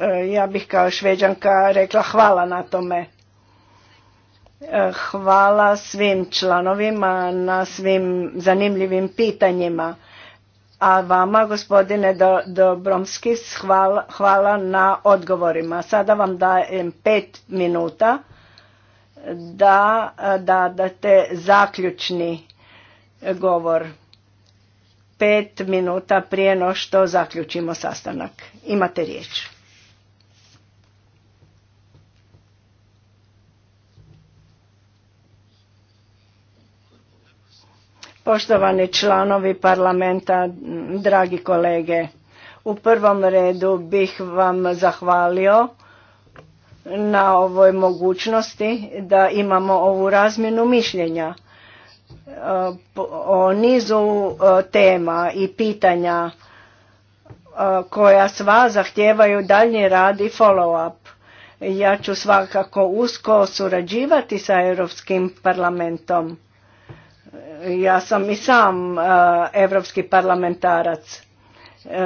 E, ja bih kao šveđanka rekla hvala na tome. E, hvala svim članovima na svim zanimljivim pitanjima. A vama, gospodine Dobromski, hvala, hvala na odgovorima. Sada vam dajem pet minuta da date zaključni govor. Pet minuta prije no što zaključimo sastanak. Imate riječ. Poštovani članovi parlamenta, dragi kolege, u prvom redu bih vam zahvalio na ovoj mogućnosti da imamo ovu razmjenu mišljenja e, o nizu e, tema i pitanja e, koja sva zahtijevaju daljnji rad i follow-up. Ja ću svakako usko surađivati sa Europskim parlamentom ja sam i sam europski parlamentarac e,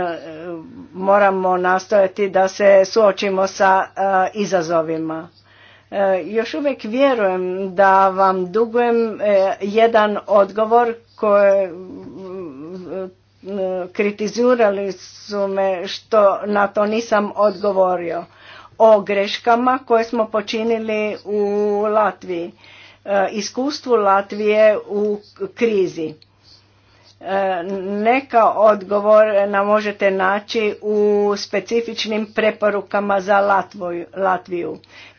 moramo nastojati da se suočimo sa e, izazovima e, još uvijek vjerujem da vam dugujem jedan odgovor koji kritizirali su me što na to nisam odgovorio o greškama koje smo počinili u Latviji Eh, iskustvu Latvije u krizi. Eh, neka odgovor nam možete naći u specifičnim preporukama za Latviju.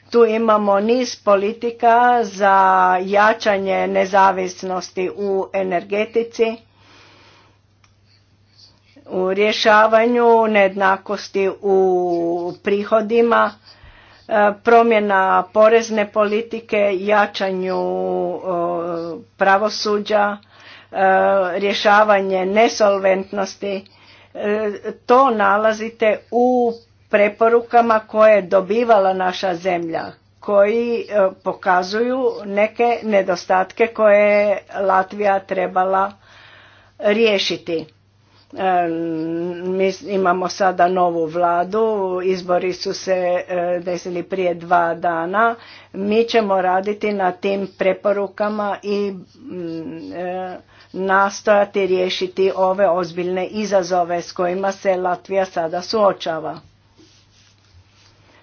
Tu imamo niz politika za jačanje nezavisnosti u energetici, u rješavanju nejednakosti u prihodima, E, promjena porezne politike, jačanju pravosuđa, e, rješavanje nesolventnosti. E, to nalazite u preporukama koje je dobivala naša zemlja, koji pokazuju neke nedostatke koje je Latvija trebala riješiti. Mi imamo sada novu vladu, izbori su se e, desili prije dva dana. Mi ćemo raditi na tim preporukama i e, nastojati riješiti ove ozbiljne izazove s kojima se Latvija sada suočava.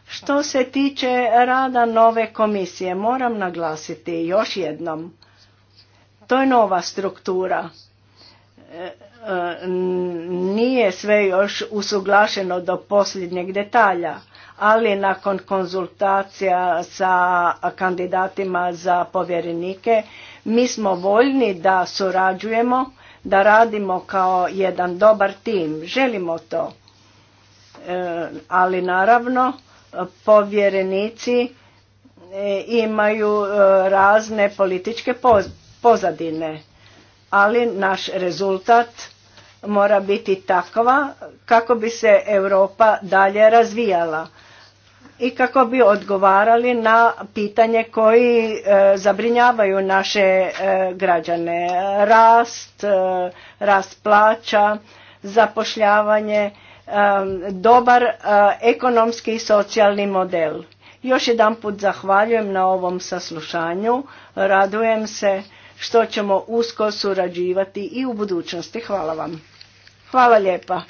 Što se tiče rada nove komisije, moram naglasiti još jednom. To je nova struktura nije sve još usuglašeno do posljednjeg detalja, ali nakon konzultacija sa kandidatima za povjerenike mi smo voljni da surađujemo, da radimo kao jedan dobar tim. Želimo to. E, ali naravno povjerenici e, imaju e, razne političke pozadine ali naš rezultat mora biti takva kako bi se Europa dalje razvijala i kako bi odgovarali na pitanje koji e, zabrinjavaju naše e, građane. Rast, e, rast plaća, zapošljavanje, dobar ekonomski i socijalni model. Još jedan put zahvaljujem na ovom saslušanju, radujem se što ćemo usko surađivati i u budućnosti. Hvala vam. Hvala lijepa.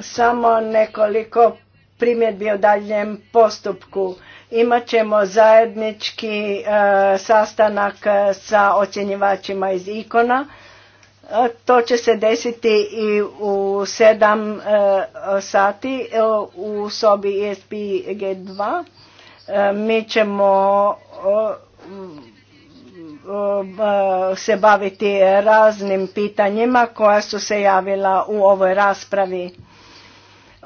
Samo nekoliko primjedbi o daljem postupku. Imat ćemo zajednički e, sastanak sa ocjenjivačima iz ikona to će se desiti i u 7 e, sati e, u sobi ESP G2. E, mi ćemo se baviti raznim pitanjima koja su se javila u ovoj raspravi.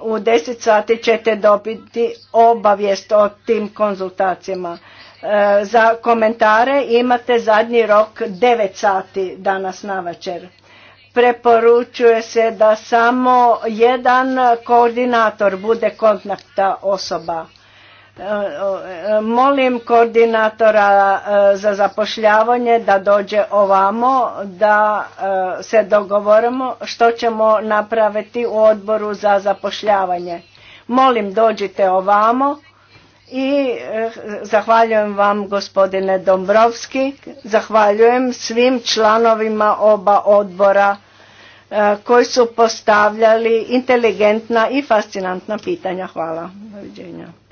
U deset sati ćete dobiti obavijest o tim konzultacijama. E, za komentare imate zadnji rok 9 sati danas na večer. Preporučuje se da samo jedan koordinator bude kontakta osoba. E, e, molim koordinatora za zapošljavanje da dođe ovamo, da se dogovorimo što ćemo napraviti u odboru za zapošljavanje. Molim dođite ovamo i e, zahvaljujem vam gospodine Dombrovski, zahvaljujem svim članovima oba odbora e, koji su postavljali inteligentna i fascinantna pitanja. Hvala. Doviđenja.